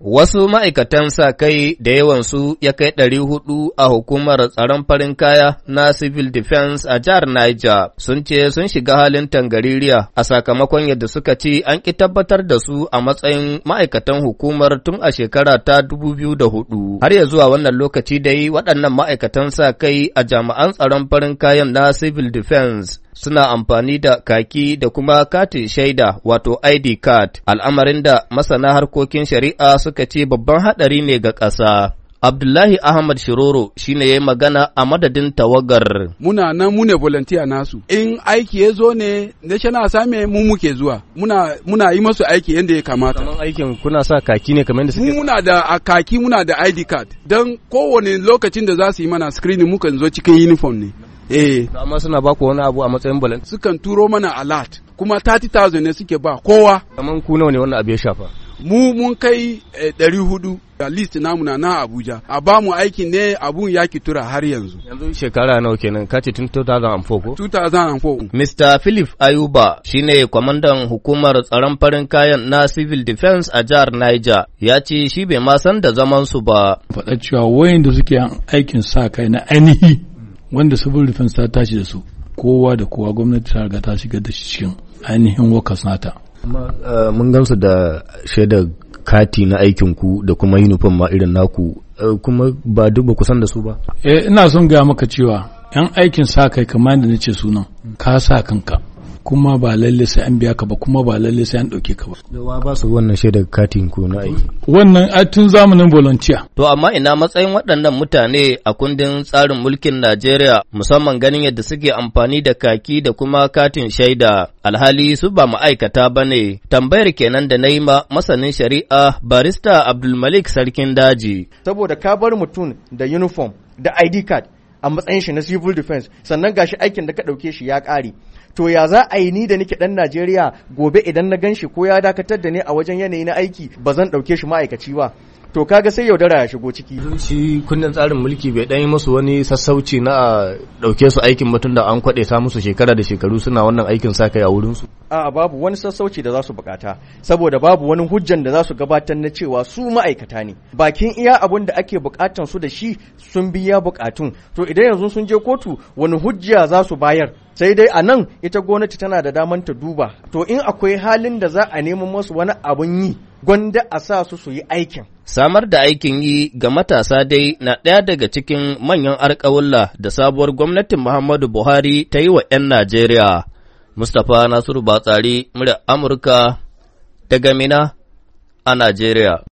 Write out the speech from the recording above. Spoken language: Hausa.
Wasu ma'aikatan sa kai da yawansu ya kai ɗari hudu a hukumar tsaron farin kaya na Civil Defense a jihar Niger sun ce sun shiga halin tangaririya a sakamakon yadda suka ci an ki tabbatar da su a matsayin ma'aikatan hukumar tun a shekara ta dubu da hudu. Har ya zuwa wannan lokaci dai waɗannan ma'aikatan sa kai a jami'an tsaron farin kayan na Civil Defense suna amfani da kaki da kuma katin shaida wato ID card, al'amarin da masana harkokin shari'a suka ce babban haɗari ne ga ƙasa. Abdullahi Ahmad Shiroro shine ne ya yi magana a madadin tawagar. Muna nan mune volunteer nasu. In aiki ya zo ne, National same mu muke zuwa. Muna, muna yi masu aiki yadda ya kamata. Kamar aikin kuna sa kaki ne kamar yadda suke. Muna da a kaki muna da ID card. Don kowane lokacin da za su yi mana screening mukan zo cikin uniform ne. eh amma suna ba ku wani abu a matsayin balance sukan turo mana alert kuma 30000 ne suke ba kowa kaman ku nawa ne wannan abu ya shafa mu mun kai 400 hudu da list namu na na Abuja a ba mu aikin ne abun ya ki tura har yanzu yanzu shekara nawa kenan kace tun 2004 ko 2004 Mr Philip Ayuba shine kwamandan hukumar tsaron farin kayan na civil defense a jihar Niger ya ce shi bai ma san da zaman su ba faɗa cewa wayanda suke aikin sa kai na ainihi wanda civil defense ta tashi da su kowa da kowa gwamnati ta riga ta shiga da shi cikin ainihin wakas nata eh, mun gamsu da shaidar kati na aikin ku da kuma uniform ma irin naku eh, kuma ba duk ba kusan da su ba eh, ina son gaya maka cewa yan aikin sa kai kamar da nace sunan ka sa kanka kuma ba lalle sai an biya ka ba kuma ba lalle sai an ɗauke ka ba. wa ba su wannan shaidar katin ko na aiki. Wannan a tun zamanin volunteer. To amma ina matsayin waɗannan mutane a kundin tsarin mulkin Najeriya musamman ganin yadda suke amfani da kaki da kuma katin shaida alhali su ba ma'aikata ba ne tambayar kenan da na yi ma masanin shari'a barista Abdulmalik Sarkin Daji. Saboda ka bar mutum da uniform da ID card a matsayin shi na civil defense sannan gashi aikin da ka ɗauke shi ya ƙare to ya za a yi ni da nike ɗan Najeriya gobe idan na gan shi ko ya dakatar da ni a wajen yanayi na aiki ba zan ɗauke shi ma'aikaci ba to kaga sai yaudara ya shigo ciki shi kundin tsarin mulki bai dan yi musu wani sassauci na dauke su aikin mutum da an kwade ta musu shekara da shekaru suna wannan aikin sa kai a wurin su a babu wani sassauci da za su bukata saboda babu wani hujjan da za su gabatar na cewa su ma'aikata ne bakin iya abun da ake bukatan su da shi sun biya bukatun to idan yanzu sun je kotu wani hujja za su bayar sai dai a nan ita gwamnati tana da daman ta duba to in akwai halin da za a neman masu wani abun yi gwanda a sa su su yi aikin Samar da aikin yi ga matasa dai na ɗaya daga cikin manyan alƙawulla da sabuwar gwamnatin Muhammadu Buhari ta yi wa ‘yan Najeriya. Mustapha Nasiru Batsari, murya Amurka, daga Mina a Najeriya.